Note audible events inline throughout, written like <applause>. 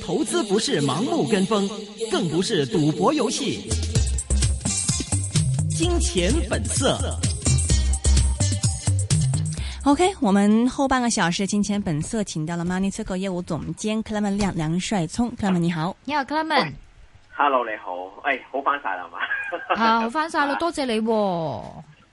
投資不是盲目跟風，更不是賭博遊戲。金錢本色。 <music> OK，我們後半個小時金錢本色，請到了 Money Circle 業務總監 Clement 梁梁帥聰 Clement 你好。你好 Clement Hello，你好。哎，好返晒啦嘛。好返晒啦，多謝你、哦。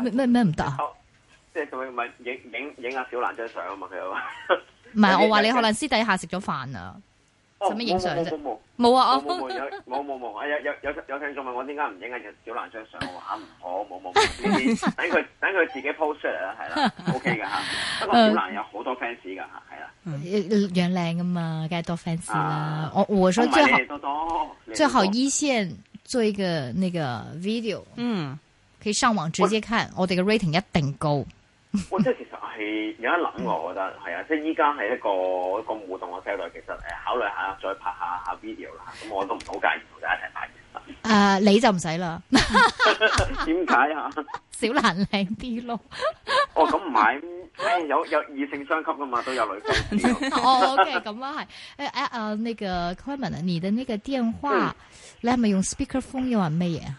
咩咩唔得啊！即係咁樣咪影影影下小蘭張相啊嘛，佢話唔係我話你可能私底下食咗飯啊，咩影相啫。冇啊，冇冇冇有冇有有有聽眾問我點解唔影下小蘭張相，我話唔好，冇冇，你等佢等佢自己 post 出嚟啦，係啦，OK 噶吓。不過小蘭有好多 fans 噶，係啦，樣靚噶嘛，梗係多 fans 啦。我我所以最後最後一線做一個呢個 video，嗯。可以上網直接看，喂我哋嘅 rating 一定高。我即係其實係有一諗，我覺得係啊，即係依家係一個一個互動嘅時代。其實誒，考慮下再拍下下 video 啦。咁我都唔好介意同大家一齊拍一。誒、呃，你就唔使啦。點解啊？小蘭靚啲咯 <laughs> 哦。哦，咁唔係，誒有有異性相吸噶嘛，都有女哦，OK，咁啊係。誒誒誒，那個 Clement，你嘅呢個電話，係咪、嗯、用 speakerphone 又話咩嘢啊？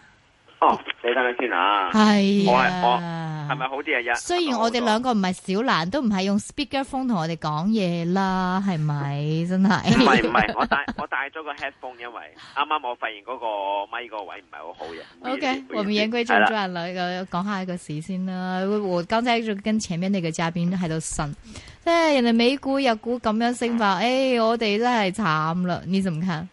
Oh, 你睇下先啊，係啊，係咪好啲啊？雖然我哋兩個唔係小蘭，都唔係用 speaker phone 同我哋講嘢啦，係咪？真係唔係唔係，我戴我戴咗個 headphone，因為啱啱我發現嗰個咪嗰個位唔係好好嘅。OK，我唔言歸正傳啦，講下個事先啦。我剛才就跟前面呢個嘉賓喺度呻，即係人哋美股日股咁樣升法，誒，我哋真係慘啦。你怎麼看？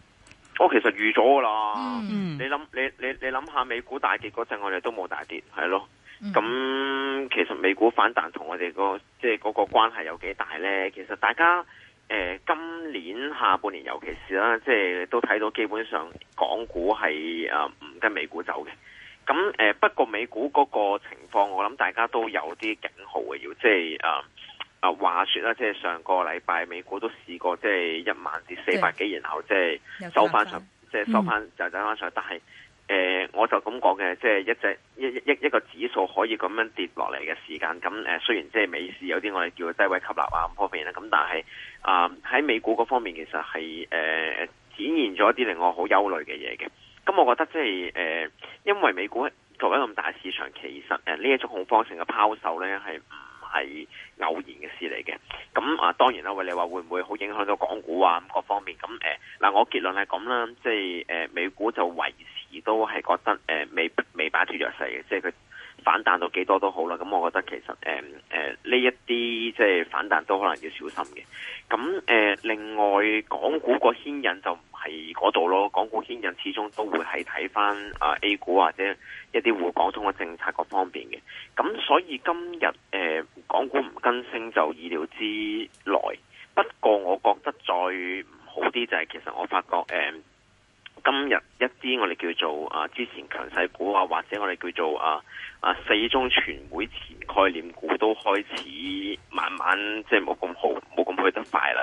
我、哦、其實預咗噶啦，你諗你你你諗下美股大跌嗰陣，我哋都冇大跌，係咯。咁、嗯、其實美股反彈同我哋個即係嗰個關係有幾大咧？其實大家誒、呃、今年下半年尤其是啦，即、就、係、是、都睇到基本上港股係誒唔跟美股走嘅。咁誒、呃、不過美股嗰個情況，我諗大家都有啲警號嘅，要即係誒。呃啊，話説啦，即係上個禮拜，美股都試過，即係一萬至四百幾，對然後即係收翻上，即係收翻就走翻上、嗯。但係，誒、呃，我就咁講嘅，即係一隻一一一一個指數可以咁樣跌落嚟嘅時間。咁誒，雖然即係美市有啲我哋叫做低位吸納啊咁方面啦，咁但係啊喺美股嗰方面其實係誒、呃、展現咗一啲令我好憂慮嘅嘢嘅。咁我覺得即係誒、呃，因為美股作為咁大市場，其實誒呢一種恐慌性嘅拋售咧係，係偶然嘅事嚟嘅，咁啊，當然啦，喂，你話會唔會好影響到港股啊咁各方面，咁誒，嗱、呃，我結論係咁啦，即係誒、呃，美股就維持都係覺得誒、呃，未未擺脱弱勢嘅，即係佢。反彈到幾多都好啦，咁我覺得其實誒誒呢一啲即係反彈都可能要小心嘅。咁誒、呃、另外，港股個牽引就唔係嗰度咯，港股牽引始終都會係睇返啊 A 股或者一啲滬港通嘅政策各方面嘅。咁所以今日誒、呃、港股唔跟升就意料之內。不過我覺得再唔好啲就係其實我發覺誒、呃今日一啲我哋叫做啊，之前強勢股啊，或者我哋叫做啊啊四中全會前概念股都開始慢慢即係冇咁好，冇咁去得快啦。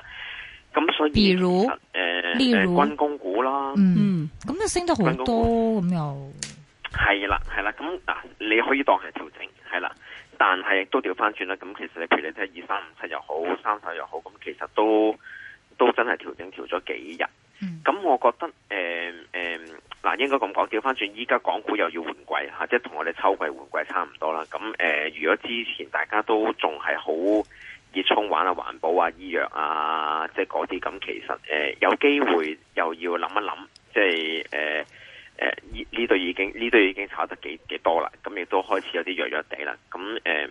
咁所以，譬如，誒，軍工股啦，嗯，咁啊升得好多咁又係啦，係啦。咁嗱，你可以當係調整係啦，但係亦都調翻轉啦。咁其實你譬如你睇下二三五七又好，三十又好，咁其實都都真係調整調咗幾日。咁、嗯、我覺得誒誒嗱，應該咁講，調翻轉，依家港股又要換季吓，即係同我哋秋季換季差唔多啦。咁誒、呃，如果之前大家都仲係好熱衷玩啊環保啊醫藥啊，即係嗰啲，咁其實誒、呃、有機會又要諗一諗，即係誒誒呢度已經呢度已經炒得幾幾多啦，咁亦都開始有啲弱弱地啦，咁誒。呃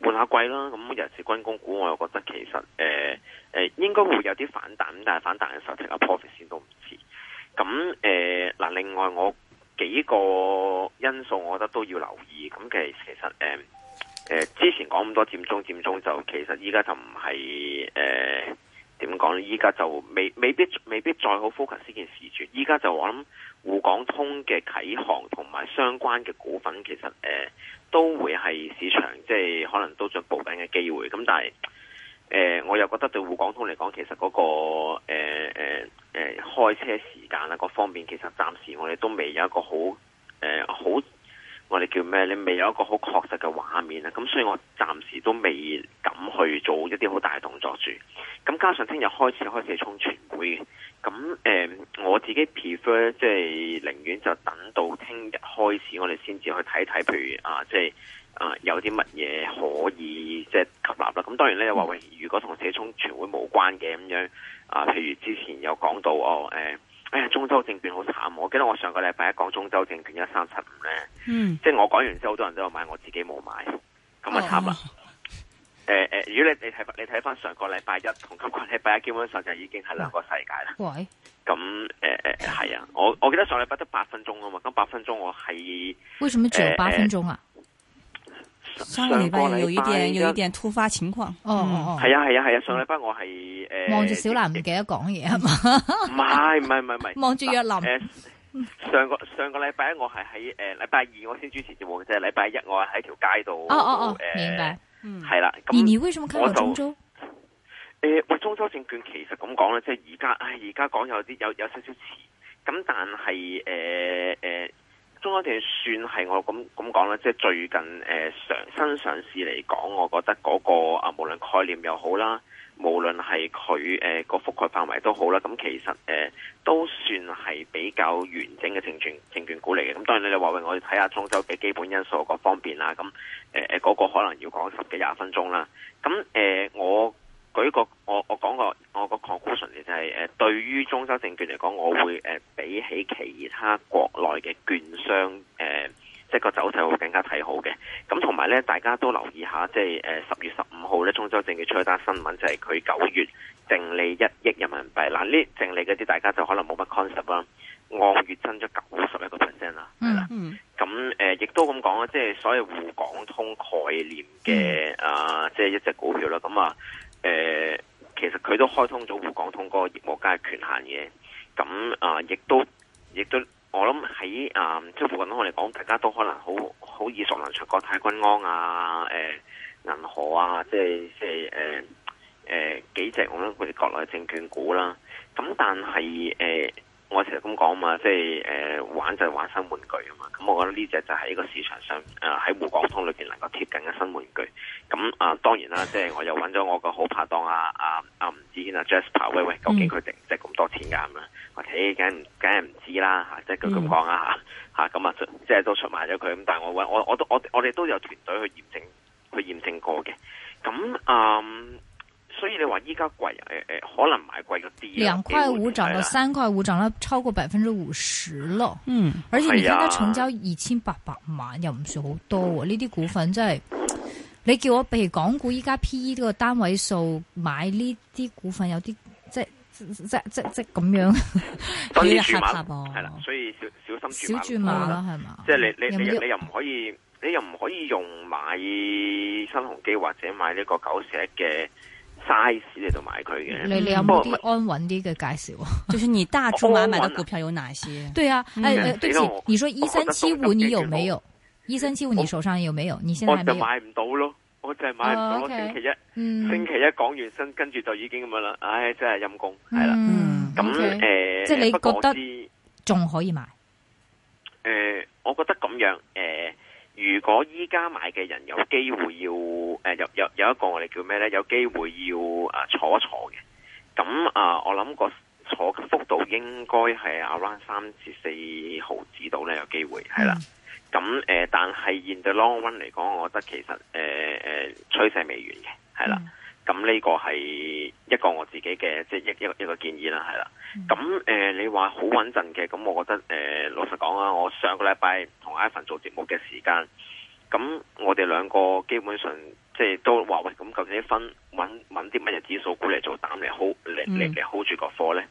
換下季啦，咁日時軍工股我又覺得其實誒誒、呃呃、應該會有啲反彈，但係反彈嘅時候食下 profit 先都唔遲。咁誒嗱，另外我幾個因素，我覺得都要留意。咁其實其實誒誒之前講咁多佔中佔中，就其實依家就唔係誒。呃點講呢？依家就未未必未必再好 focus 呢件事住。依家就我諗滬港通嘅啟航同埋相關嘅股份，其實誒、呃、都會係市場，即係可能都進步緊嘅機會。咁但係誒、呃，我又覺得對滬港通嚟講，其實嗰、那個誒誒誒開車時間啊各方面，其實暫時我哋都未有一個好誒好。呃我哋叫咩？你未有一個好確實嘅畫面咧，咁所以我暫時都未敢去做一啲好大動作住。咁加上聽日開始開始衝全會咁誒、呃、我自己 prefer 即係寧願就等到聽日開始，我哋先至去睇睇，譬如啊，即係啊有啲乜嘢可以即係吸納啦。咁當然咧，話喂，如果同社衝全會冇關嘅咁樣啊，譬如之前有講到哦誒。呃哎呀，中州證券好慘，我記得我上個禮拜一講中州證券一三七五咧，嗯、即係我講完之後，好多人都有買，我自己冇買，咁啊慘啊！誒誒、哦呃，如果你你睇翻你睇翻上個禮拜一同今個禮拜一，拜一基本上就已經係兩個世界啦。喂，咁誒誒係啊，我我記得上禮拜得八分鐘啊嘛，咁八分鐘我係為什麼仲有八分鐘啊？呃上個禮拜有啲嘢，有啲嘢突發情況。哦哦哦，係啊係啊係啊！上禮拜我係誒，望住小蘭唔記得講嘢係嘛？唔係唔係唔係唔係。望住若林。上個上個禮拜我係喺誒禮拜二我先主持啫，即係禮拜一我係喺條街度。哦哦哦，明白。嗯，係啦。咁我就誒喂，中州證券其實咁講咧，即係而家，唉，而家講有啲有有少少遲。咁但係誒誒。中安電算係我咁咁講啦，即係最近誒上新上市嚟講，我覺得嗰、那個啊，無論概念又好啦，無論係佢誒個覆蓋範圍都好啦，咁其實誒、呃、都算係比較完整嘅證券證券股嚟嘅。咁當然你哋話為我睇下中州嘅基本因素各方面啦，咁誒誒嗰個可能要講十幾廿分鐘啦。咁誒、呃、我。佢呢個我我講個我個 conclusion 就係、是、誒、呃，對於中州證券嚟講，我會誒、呃、比起其他國內嘅券商誒、呃，即係個走勢會更加睇好嘅。咁同埋咧，大家都留意下，即係誒十月十五號咧，中州證券出一單新聞，就係佢九月淨利一億人民幣。嗱、呃，呢淨利嗰啲大家就可能冇乜 concept 啦，按月增咗九十一個 percent 啦。嗯嗯。咁、嗯、誒，亦都咁講啦，即係所謂滬港通概念嘅啊，即係一隻股票啦。咁啊。啊啊誒、呃，其實佢都開通咗滬港通嗰個業務介權限嘅，咁啊，亦、呃、都亦都，我諗喺啊，即係宏觀嚟講，大家都可能好好耳熟能詳國泰君安啊，誒、呃，銀河啊，即係即係誒誒幾隻我諗佢哋國內嘅證券股啦，咁但係誒。呃我成日咁講嘛，即係誒、呃、玩就係玩新玩具啊嘛，咁我覺得呢隻就係一個市場上誒喺滬港通裏邊能夠貼緊嘅新玩具。咁啊、呃、當然啦，即係我又揾咗我個好拍檔啊啊啊吳子軒啊 Jasper，喂喂，究竟佢值唔值咁多錢㗎？咁我睇梗梗係唔知啦嚇，即係佢咁講啊吓，嚇、啊、咁啊，啊，即係都出賣咗佢。咁但係我揾我我我我哋都有團隊去驗證去驗證過嘅。咁啊。嗯所以你話依家貴誒誒，可能買貴咗啲。兩塊五漲到、嗯、三塊五，漲到超過百分之五十咯。嗯，而且而家佢成交二千八百萬，又唔算好多。呢啲、嗯、股份真、就、係、是，你叫我譬如港股依家 P E 呢個單位數買呢啲股份有，有啲即即即即咁樣、 <laughs> 啊，小轉碼係啦，所以小心小心小轉碼啦，係嘛？吧即係你你你又唔可以，你又唔可以用買新鴻基或者買呢個九石嘅。size 喺度買佢嘅，你有冇啲安穩啲嘅介紹，就算你大出馬買嘅股票有哪些？對啊，誒對住，你說一三七五你有沒有？一三七五你手上有沒有？你現在我就買唔到咯，我就係買唔到星期一，星期一講完新，跟住就已經咁樣啦。唉，真係陰公，係啦。咁誒，即係你覺得仲可以買？誒，我覺得咁樣誒。如果依家買嘅人有機會要，誒、呃、有有有一個我哋叫咩咧？有機會要啊坐一坐嘅，咁啊、呃、我諗個坐嘅幅度應該係 around 三至四毫子度咧有機會，係啦。咁誒、呃，但係現的 long run 嚟講，我覺得其實誒誒趨勢未完嘅，係啦。嗯咁呢個係一個我自己嘅即係一一個建議啦，係啦。咁誒、呃，你話好穩陣嘅，咁我覺得誒、呃，老實講啊，我上個禮拜同 Ivan 做節目嘅時間，咁我哋兩個基本上即係都話喂，咁究竟分揾揾啲乜嘢指數股嚟做膽嚟 hold 嚟嚟 hold 住個科咧？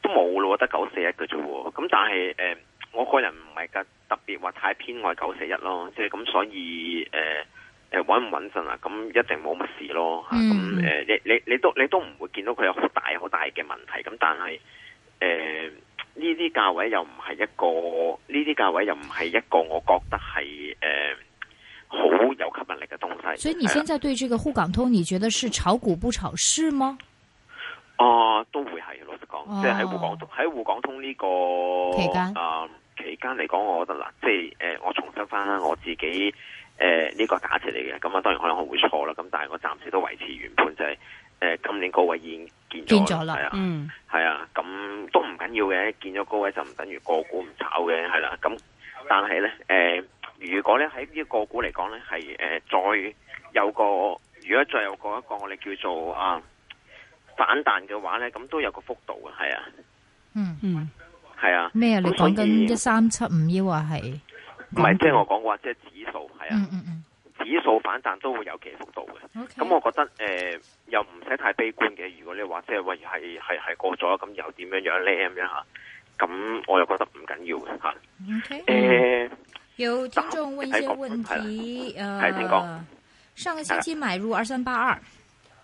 都冇咯，得九四一嘅啫。咁但係誒、呃，我個人唔係咁特別話太偏愛九四一咯，即係咁所以誒。呃誒穩唔穩陣啊？咁一定冇乜事咯吓。咁誒、嗯，你你你都你都唔會見到佢有好大好大嘅問題。咁但係誒呢啲價位又唔係一個呢啲價位又唔係一個我覺得係誒好有吸引力嘅東西。所以你現在對這個滬港通，嗯、你覺得是炒股不炒市嗎？哦、啊，都會係老實講，即係喺滬港通喺滬港通呢個期間啊期間嚟講，我覺得嗱，即係誒我重申翻啦，我自己。誒，呢、呃這個假設嚟嘅，咁啊，當然可能我會錯啦，咁但係我暫時都維持原判，就是，就係誒，今年高位已經見咗，係啊，嗯，係啊，咁都唔緊要嘅，見咗高位就唔等於個股唔炒嘅，係啦、啊，咁但係咧，誒、呃，如果咧喺呢個股嚟講咧，係誒、呃、再有個，如果再有個一個我哋叫做啊反彈嘅話咧，咁都有個幅度嘅，係啊，嗯嗯，係、嗯、啊，咩啊么？你講緊一三七五幺啊？係。唔係，即係我講過話，即係、就是、指數係啊，嗯嗯嗯指數反彈都會有其幅度嘅。咁 Okay.、嗯、我覺得誒、呃，又唔使太悲觀嘅。如果你話即係話係係係過咗咁又點樣樣咧咁樣吓，咁我又覺得唔緊要嘅吓。誒，有聽眾問一問題，誒、嗯，上個星期買入二三八二，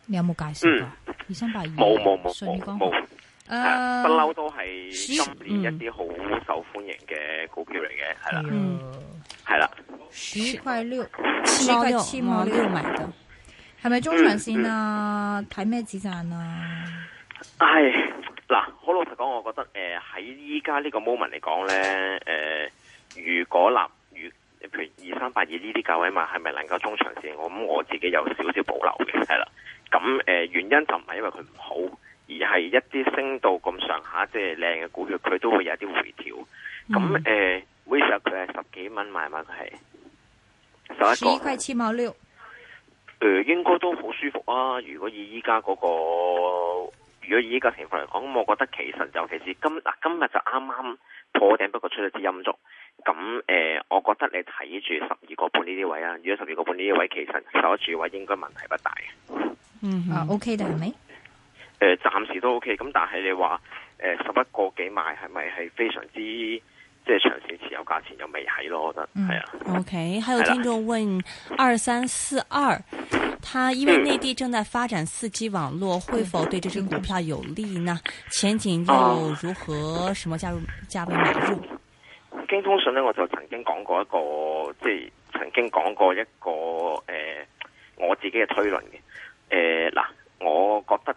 你有冇介紹？二三八二？冇冇冇冇冇。不嬲、啊、都係今年、嗯、一啲好受歡迎嘅股票嚟嘅，係啦，係啦，十塊六，我呢度，我呢度買嘅，係咪中長線啊？睇咩指贊啊？唉，嗱，好老實講，我覺得誒喺依家呢個 moment 嚟講咧，誒、呃，如果立，如譬如二三八二呢啲價位買，係咪能夠中長線？我諗我自己有少少，少保留嘅，係啦。咁、嗯、誒、嗯嗯呃、原因就唔係因為佢唔好。而係一啲升到咁上下，即係靚嘅股票，佢都會有啲回調。咁誒，VISA 佢係十幾蚊買嘛，佢係十一塊七毛六。誒、呃呃，應該都好舒服啊！如果以依家嗰個，如果以依家情況嚟講，我覺得其實尤其是今嗱、啊、今日就啱啱破頂，不過出咗支陰燭。咁誒、呃，我覺得你睇住十二個半呢啲位啊，如果十二個半呢啲位，其實守得住位應該問題不大。嗯啊，OK 嘅係咪？嗯有誒，暫、呃、時都 OK，咁但係你話、呃、十一個幾買係咪係非常之即係長線持有價錢又未喺咯？我覺得係啊、嗯。OK，還有聽眾問二三四二，他因為內地正在發展四 G 網絡，會否對這隻股票有利呢？前景又如何？什麼價位價位買入？啊、京通訊呢，我就曾經講過一個，即係曾經講過一個誒、呃，我自己嘅推論嘅。誒、呃，嗱，我覺得。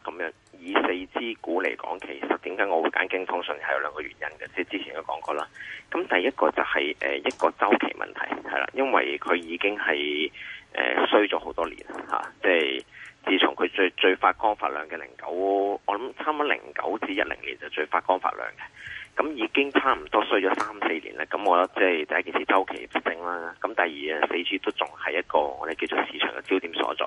以四支股嚟講，其實點解我會揀京通訊係有兩個原因嘅，即係之前都講過啦。咁第一個就係、是、誒、呃、一個周期問題係啦，因為佢已經係誒、呃、衰咗好多年吓、啊，即係自從佢最最發光發亮嘅零九，我諗差唔多零九至一零年就最發光發亮嘅，咁已經差唔多衰咗三四年咧。咁我覺得即係第一件事周期性啦，咁第二啊，四支都仲係一個我哋叫做市場嘅焦點所在。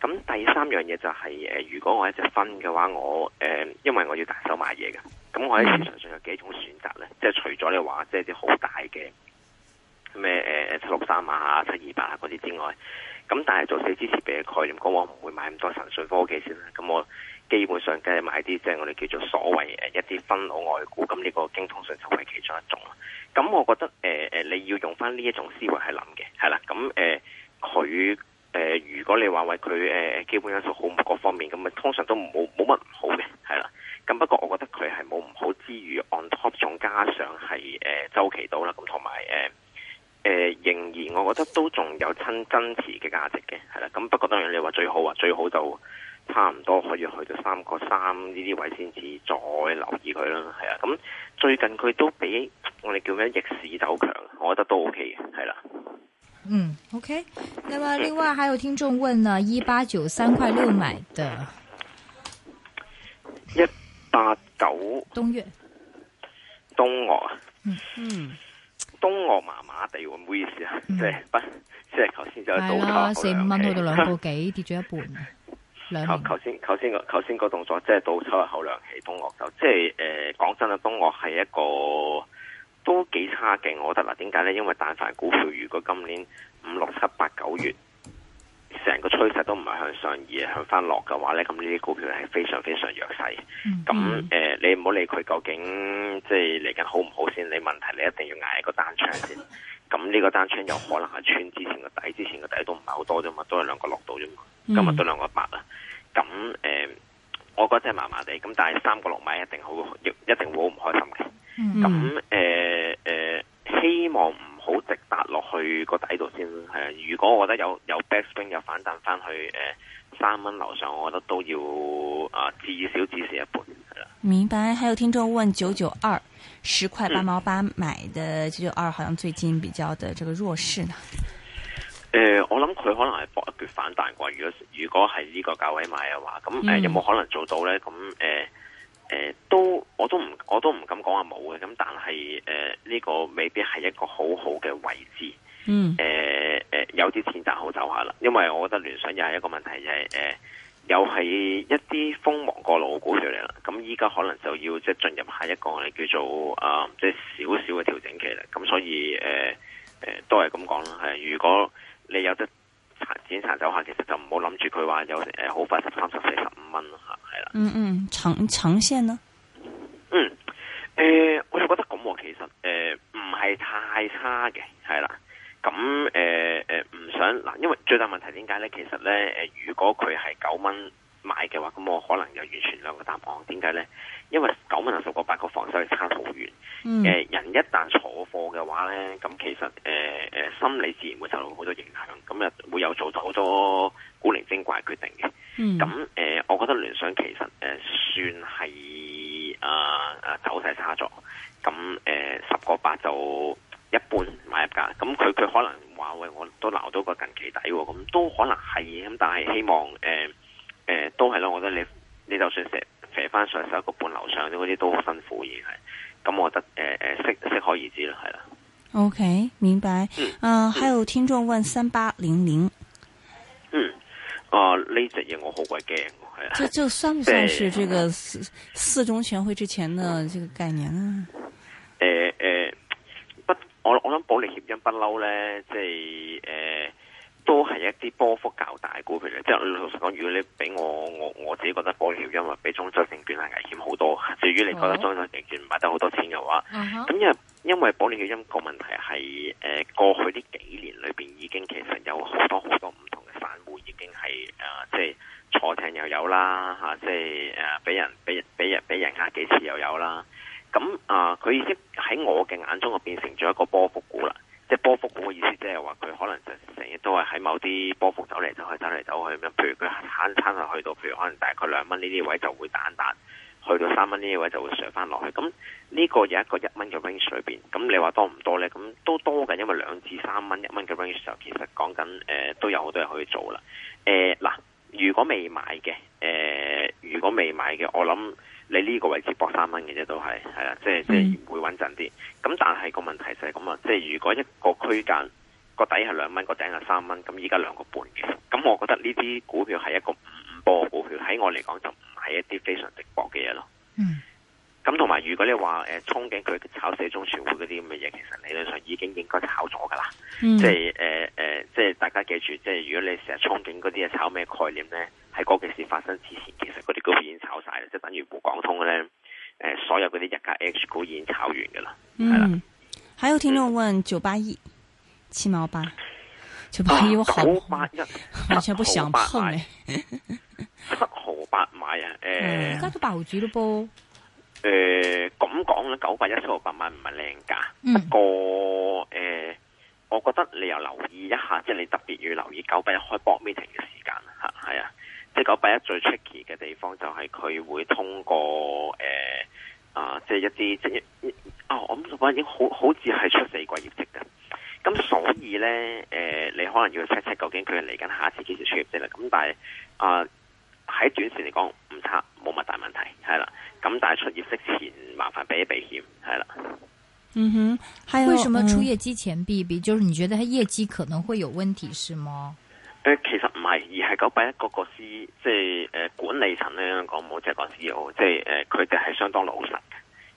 咁第三樣嘢就係、是、誒、呃，如果我一直分嘅話，我誒、呃、因為我要大手買嘢嘅，咁我喺市場上有幾種選擇咧？即係除咗你話即係啲好大嘅咩誒七六三啊、七二八嗰啲之外，咁但係做四支設備嘅概念，往往我唔會買咁多神水科技先啦。咁我基本上梗係買啲即係我哋叫做所謂誒一啲分攞外股，咁呢個經通上就係其中一種。咁我覺得誒誒、呃，你要用翻呢一種思維去諗嘅，係啦。咁誒佢。呃誒、呃，如果你話為佢誒、呃、基本因素好各方面咁，咪通常都冇冇乜唔好嘅，係啦。咁不過我覺得佢係冇唔好之餘，on top 仲加上係誒、呃、周期到啦，咁同埋誒誒仍然我覺得都仲有真增持嘅價值嘅，係啦。咁不過當然你話最好話，最好就差唔多可以去到三個三呢啲位先至再留意佢啦，係啊。咁最近佢都比我哋叫咩逆市走強，我覺得都 OK 嘅，係啦。嗯，OK。那麼另外還有聽眾問呢，一八九三塊六買嘅一八九東岳，東岳，嗯嗯，東岳麻麻地，唔好意思啊，嗯、即係不即係頭先就倒四五蚊去到兩個幾，跌咗一半。頭頭先頭先個頭先個動作即係倒抽一口涼氣，東岳、嗯、就即係誒講真啦，東岳係一個。都幾差勁，我覺得嗱，點解呢？因為但凡股票，如果今年五六七八九月成個趨勢都唔係向上而向翻落嘅話呢，咁呢啲股票係非常非常弱勢。咁誒、嗯，呃嗯、你唔好理佢究竟即係嚟緊好唔好先，你問題你一定要捱一個單槍先。咁呢個單槍有可能係穿之前個底，之前個底都唔係好多啫嘛，都係兩個落到啫嘛，嗯、今日都兩個八啦。咁誒、呃，我覺得真係麻麻地，咁但係三個六米一定好，一定會好唔開心嘅。咁誒、嗯。嗯嗯。唔好直達落去個底度先係，如果我覺得有有 back swing 又反彈翻去誒三蚊樓上，我覺得都要啊至少至少一半，明白，還有聽眾問九九二十塊八毛八買的九九、嗯、二，好像最近比較的這個弱勢呢？誒、呃，我諗佢可能係搏一橛反彈啩，如果如果係呢個價位買嘅話，咁誒、呃、有冇可能做到呢？咁誒。呃嗯呃誒、呃，都我都唔我都唔敢講話冇嘅，咁但係誒呢個未必係一個好好嘅位置，嗯、mm. 呃，誒、呃、誒有啲錢賺好走下啦，因為我覺得聯想又係一個問題，就是，就係誒又係一啲鋒芒過露嘅股票嚟啦，咁依家可能就要即係進入下一個我哋叫做啊、呃、即係少少嘅調整期啦，咁、嗯、所以誒誒、呃呃、都係咁講啦，係如果你有得。檢查走下，其實就唔好諗住佢話有誒好快十三十四十五蚊吓，係啦。嗯嗯，長長線呢？嗯，誒，我就覺得咁、啊，其實誒唔係太差嘅，係啦。咁誒誒，唔、呃呃、想嗱，因為最大問題點解咧？其實咧，誒、呃，如果佢係九蚊。買嘅話，咁我可能就完全兩個答案。點解呢？因為九蚊就十個八個防守係差好遠。誒、嗯，人一旦坐貨嘅話呢，咁其實誒誒、呃、心理自然會受到好多影響，咁又會有做到好多古靈精怪決定嘅。咁誒、嗯呃，我覺得聯想其實誒、呃、算係啊啊走勢差咗。咁誒十個八就一半買入價。咁佢佢可能話喂，我都留到個近期底喎。咁都可能係咁，但係希望誒。呃誒、呃，都係咯，我覺得你你就算射射翻上手一個半樓上嗰啲都好辛苦，而、嗯、係，咁我覺得誒誒，適適可而止啦，係啦。O K，明白。嗯。啊，還有聽眾問三八零零。呢隻嘢我好鬼驚，係啊。即這算唔算係呢個四四中全會之前嘅呢個概念啊？誒誒，不，我我諗保利協因不嬲呢，即係誒。都係一啲波幅較大股票嚟，即係老實講，如果你俾我，我我自己覺得保利協鑫因為比中州證券係危險好多，至於你覺得中州證券唔買得好多錢嘅話，咁、uh huh. 因為因為保利協鑫個問題係誒過去呢幾年裏邊已經其實有好多好多唔同嘅散戶已經係誒、呃、即係坐艇又有啦嚇、啊，即係誒俾人俾俾人俾人蝦幾次又有啦，咁啊佢已經喺我嘅眼中就變成咗一個波幅股啦。即係波幅嗰個意思、就是，即係話佢可能就成日都係喺某啲波幅走嚟走去走嚟走去咁。譬如佢慳慳去到，譬如可能大概兩蚊呢啲位就會彈一彈，去到三蚊呢啲位就會上返落去。咁呢個有一個一蚊嘅 range 裡便，咁你話多唔多呢？咁都多嘅，因為兩至三蚊一蚊嘅 range 就其實講緊誒都有好多嘢可以做啦。誒、呃、嗱，如果未買嘅，誒、呃、如果未買嘅，我諗。你呢個位置搏三蚊嘅啫，都係係啦，即係即係會穩陣啲。咁但係個問題就係咁啊，即係如果一個區間個底係兩蚊，個頂係三蚊，咁依家兩個半嘅，咁我覺得呢啲股票係一個五波股票，喺我嚟講就唔係一啲非常值博嘅嘢咯。嗯。咁同埋，如果你話誒憧憬佢炒四中全會嗰啲咁嘅嘢，其實理論上已經應該炒咗噶啦。即係誒誒，即係大家記住，即係如果你成日憧憬嗰啲嘢炒咩概念咧，喺嗰件事發生之前，其實嗰啲股已經炒晒啦，即係等於滬港通咧，誒所有嗰啲日價 H 股已經炒完噶啦。嗯，的還有聽眾問九八一七毛八九八一，我好八一完全不想碰。七毫八買啊！誒，而家都八毫幾咯噃。誒，咁講咧，九百一七六八蚊唔係靚價，不過誒，我覺得你又留意一下，即係你特別要留意九百一開 board meeting 嘅時間吓，係啊，即係九百一最 tricky 嘅地方就係佢會通過誒啊，即係一啲即係我諗九百一已經好好似係出四季業績嘅，咁所以咧，誒，你可能要 check check 究竟佢嚟緊下一次幾時出業績啦，咁但係啊。喺短線嚟講唔差，冇乜大問題係啦。咁但係出業績前，麻煩俾一避險係啦。嗯哼，係為什麼出業績前避避，、嗯、就是你覺得佢業績可能會有問題，是嗎？誒、呃，其實唔係，而係九百一各個司，即係誒管理層咧講冇，即係講 C E O，即係誒佢哋係相當老實嘅。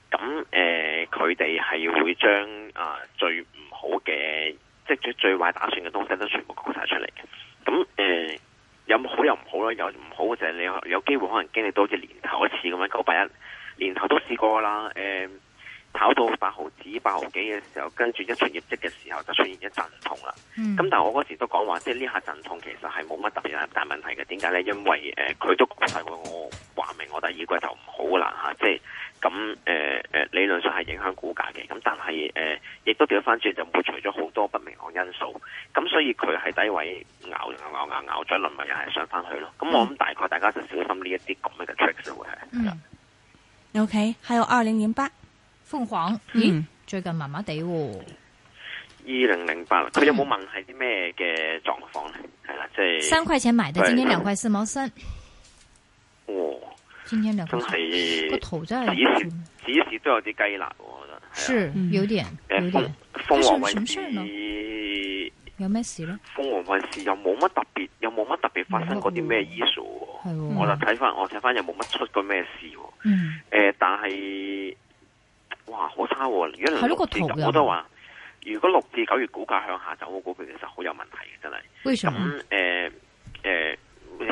咁誒，佢哋係會將啊、呃、最唔好嘅，即、就、係、是、最最壞打算嘅東西都全，都全部講晒出嚟嘅。有好又唔好啦，有唔好嘅就係你有，有機會可能經歷到好似年頭一次咁樣，九百一年頭都試過啦。誒、呃，炒到八毫子、八毫幾嘅時候，跟住一出業績嘅時候就出現一陣痛啦。咁、嗯、但係我嗰時都講話，即係呢下陣痛其實係冇乜特別大問題嘅。點解呢？因為誒佢、呃、都講晒曬我話明我第二季就唔好啦嚇，即係。啊就係咁誒誒，嗯嗯、理論上係影響股價嘅，咁但係誒、呃，亦都掉翻轉就抹除咗好多不明朗因素，咁、嗯、所以佢係低位咬咬咬咬咬咗一輪，咪又係上翻去咯。咁我諗大概大家就小心呢一啲咁嘅嘅 trick 會係。O K，係有二零零八鳳凰，嗯，最近麻麻地喎。二零零八，佢有冇問係啲咩嘅狀況咧？係啦、嗯，即係。三、就是、塊錢買的，今天兩塊四毛三的。真係，個圖真係，指示指示都有啲雞肋，我覺得係，係有啲，有啲。鳳凰衛視有咩事咧？鳳凰衛視又冇乜特別，又冇乜特別發生過啲咩異數，係，我就睇翻，我睇翻又冇乜出過咩事，嗯，誒，但係，哇，好差，如果你睇到個圖啊！我都話，如果六至九月股價向下走，我嗰句其實好有問題嘅，真係。咁，誒，誒。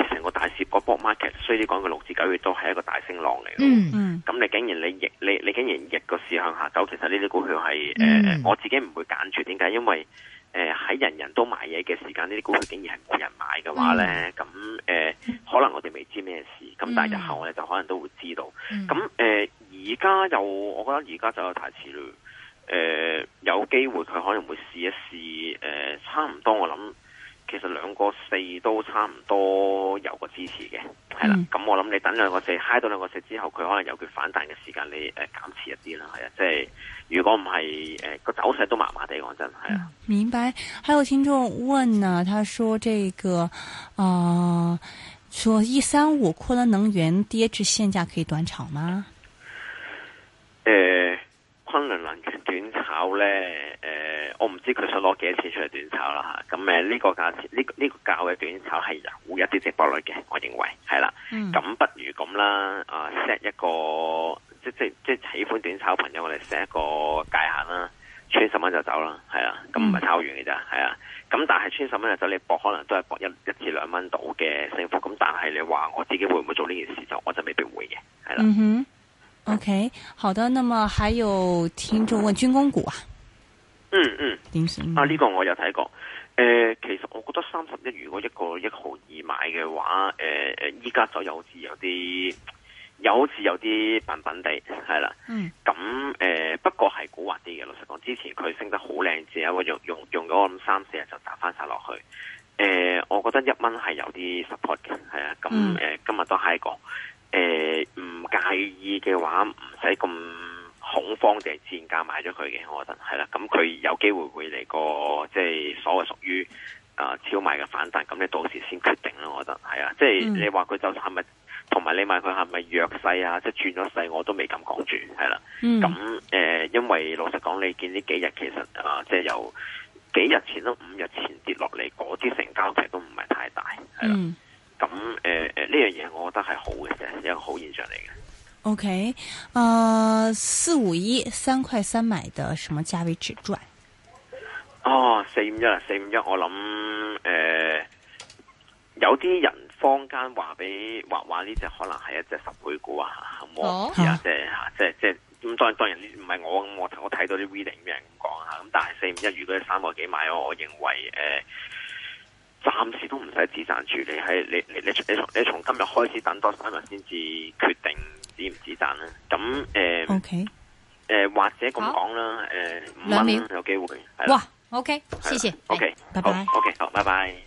成個大市個 bond market，雖然講佢六至九月都係一個大升浪嚟咯。嗯，咁你竟然你逆你你竟然逆個市向下走，其實呢啲股票係誒，呃嗯、我自己唔會揀住點解，因為誒喺、呃、人人都買嘢嘅時間，呢啲股票竟然係冇人買嘅話咧，咁誒、嗯呃、可能我哋未知咩事，咁但係日後我哋就可能都會知道。咁誒、嗯，而家、呃、又我覺得而家就有太遲啦。誒、呃，有機會佢可能會試一試。誒、呃，差唔多我諗。其實兩個四都差唔多有個支持嘅，係啦。咁、嗯、我諗你等兩個四，嗨到兩個四之後，佢可能有佢反彈嘅時間，你誒減持一啲啦，係啊。即係如果唔係，誒個走勢都麻麻地講真係啊。明白，還有聽眾問啊，他說：，這個，啊、呃，說一三五崑崙能源跌至現價可以短炒嗎？誒、嗯。呃分量難短炒咧，誒，我唔知佢想攞幾多錢出嚟短炒啦嚇。咁誒，呢個價錢，呢個呢個價位短炒係有一啲值博率嘅，我認為係啦。咁不如咁啦，啊 set 一個，即係即係即係喜歡短炒朋友，我哋 set 一個界限啦，穿十蚊就走啦，係啊，咁唔係炒完嘅咋，係啊。咁但係穿十蚊就走，你博可能都係博一一至兩蚊到嘅勝負。咁但係你話我自己會唔會做呢件事就，我就未必會嘅，係啦。OK，好的，那麼還有聽眾問軍工股啊，嗯嗯，嗯啊呢、呢個我有睇過，誒、呃、其實我覺得三十一如果一個一毫二買嘅話，誒誒依家左右好似有啲有好似、嗯呃呃、有啲笨笨地係啦，嗯，咁誒不過係古惑啲嘅，老實講，之前佢升得好靚字啊，我用用用咗我三四日就打翻晒落去，誒我覺得一蚊係有啲 support 嘅，係啊，咁誒今日都係一誒，唔、呃、介意嘅話，唔使咁恐慌就係賤價買咗佢嘅，我覺得係啦。咁佢、嗯嗯、有機會會嚟過，即係所謂屬於啊超賣嘅反彈。咁你到時先決定啦。我覺得係啊、就是就是，即係你話佢就係咪同埋你問佢係咪弱勢啊？即係轉咗勢，我都未敢講住，係啦。咁誒、嗯呃，因為老實講，你見呢幾日其實啊、呃，即係由幾日前都五日前跌落嚟，嗰啲成交額都唔係太大，係啦。咁誒誒，呢樣嘢我覺得係好嘅，啫，一個好現象嚟嘅。OK，誒，四五一三塊三買嘅，什麼價位止賺？哦，四五一啊，四五一，我諗誒，有啲人坊間話俾話話呢隻可能係一隻十倍股啊，咁啊，即係吓，即係即係，咁當然當然，唔係我我我睇到啲 reading 啲人咁講吓，咁但係四五一如果喺三塊幾買，我我認為誒。呃暫時都唔使止蝕處理，係你你你你從你從今日開始等多三日先至決定止唔止蝕啦。咁誒，誒、呃 OK，呃、或者咁講啦，誒五蚊有機會。哇，OK，了謝謝，OK，拜拜，OK，好，拜拜。